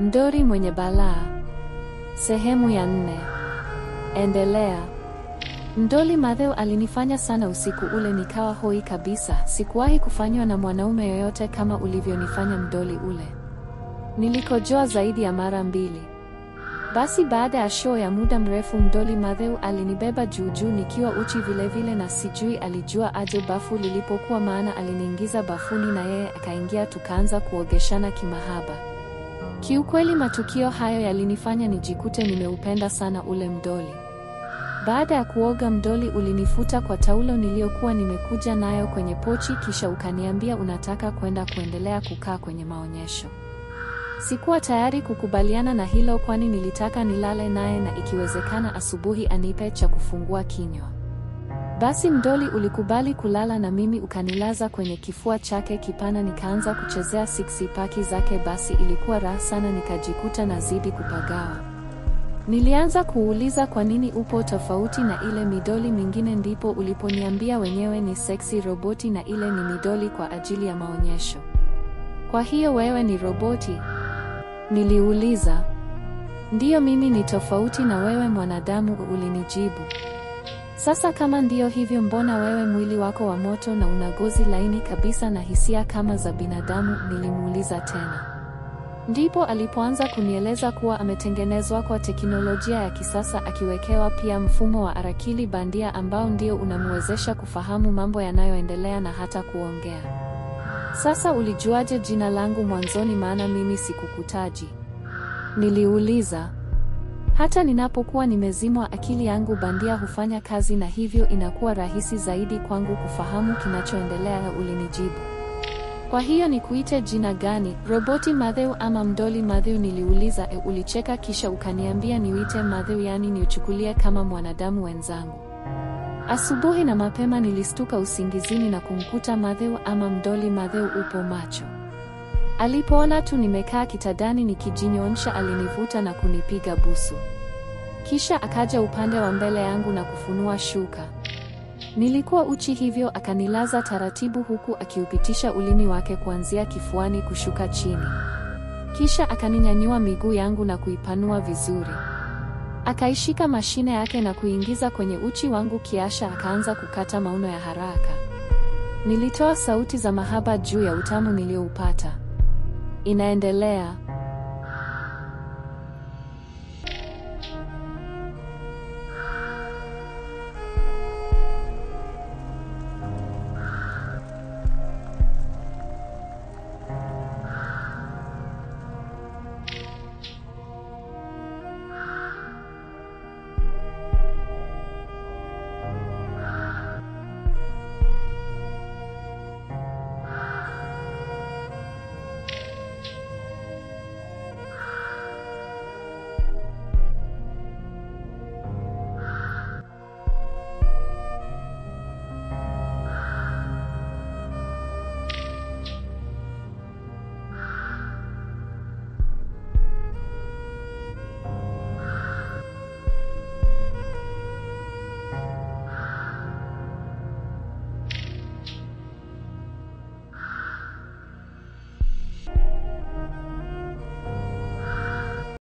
Mdori mwenye balaa, sehemu ya nne. Endelea. Mdoli Madheo alinifanya sana usiku ule, nikawa hoi kabisa. Sikuwahi kufanywa na mwanaume yoyote kama ulivyonifanya mdoli ule. Nilikojoa zaidi ya mara mbili. Basi baada ya show ya muda mrefu, Mdoli Madheu alinibeba juujuu nikiwa uchi vilevile vile, na sijui alijua aje bafu lilipokuwa, maana aliniingiza bafuni na yeye akaingia, tukaanza kuogeshana kimahaba. Kiukweli matukio hayo yalinifanya nijikute nimeupenda sana ule mdoli. Baada ya kuoga mdoli ulinifuta kwa taulo niliyokuwa nimekuja nayo kwenye pochi kisha ukaniambia unataka kwenda kuendelea kukaa kwenye maonyesho. Sikuwa tayari kukubaliana na hilo kwani nilitaka nilale naye na ikiwezekana asubuhi anipe cha kufungua kinywa. Basi mdoli ulikubali kulala na mimi, ukanilaza kwenye kifua chake kipana, nikaanza kuchezea siksi paki zake. Basi ilikuwa raha sana, nikajikuta nazidi kupagawa. Nilianza kuuliza kwa nini upo tofauti na ile midoli mingine, ndipo uliponiambia wenyewe ni sexy roboti na ile ni midoli kwa ajili ya maonyesho. Kwa hiyo wewe ni roboti? Niliuliza. Ndiyo, mimi ni tofauti na wewe mwanadamu, ulinijibu. Sasa kama ndiyo hivyo, mbona wewe mwili wako wa moto na una laini kabisa na hisia kama za binadamu? Nilimuuliza tena. Ndipo alipoanza kunieleza kuwa ametengenezwa kwa teknolojia ya kisasa akiwekewa pia mfumo wa akili bandia ambao ndio unamwezesha kufahamu mambo yanayoendelea na hata kuongea. Sasa ulijuaje jina langu mwanzoni, maana mimi sikukutaji? Niliuliza. Hata ninapokuwa nimezimwa, akili yangu bandia hufanya kazi na hivyo inakuwa rahisi zaidi kwangu kufahamu kinachoendelea, ulinijibu. Kwa hiyo ni kuite jina gani, roboti Matthew ama mdoli Matthew? Niliuliza. E, ulicheka kisha ukaniambia niuite Matthew, yaani niuchukulie kama mwanadamu wenzangu. Asubuhi na mapema nilistuka usingizini na kumkuta Matthew ama mdoli Matthew upo macho. Alipoona tu nimekaa kitadani nikijinyonsha, alinivuta na kunipiga busu, kisha akaja upande wa mbele yangu na kufunua shuka. Nilikuwa uchi hivyo, akanilaza taratibu, huku akiupitisha ulimi wake kuanzia kifuani kushuka chini, kisha akaninyanyua miguu yangu na kuipanua vizuri. Akaishika mashine yake na kuingiza kwenye uchi wangu, kiasha akaanza kukata mauno ya haraka. Nilitoa sauti za mahaba juu ya utamu nilioupata inaendelea.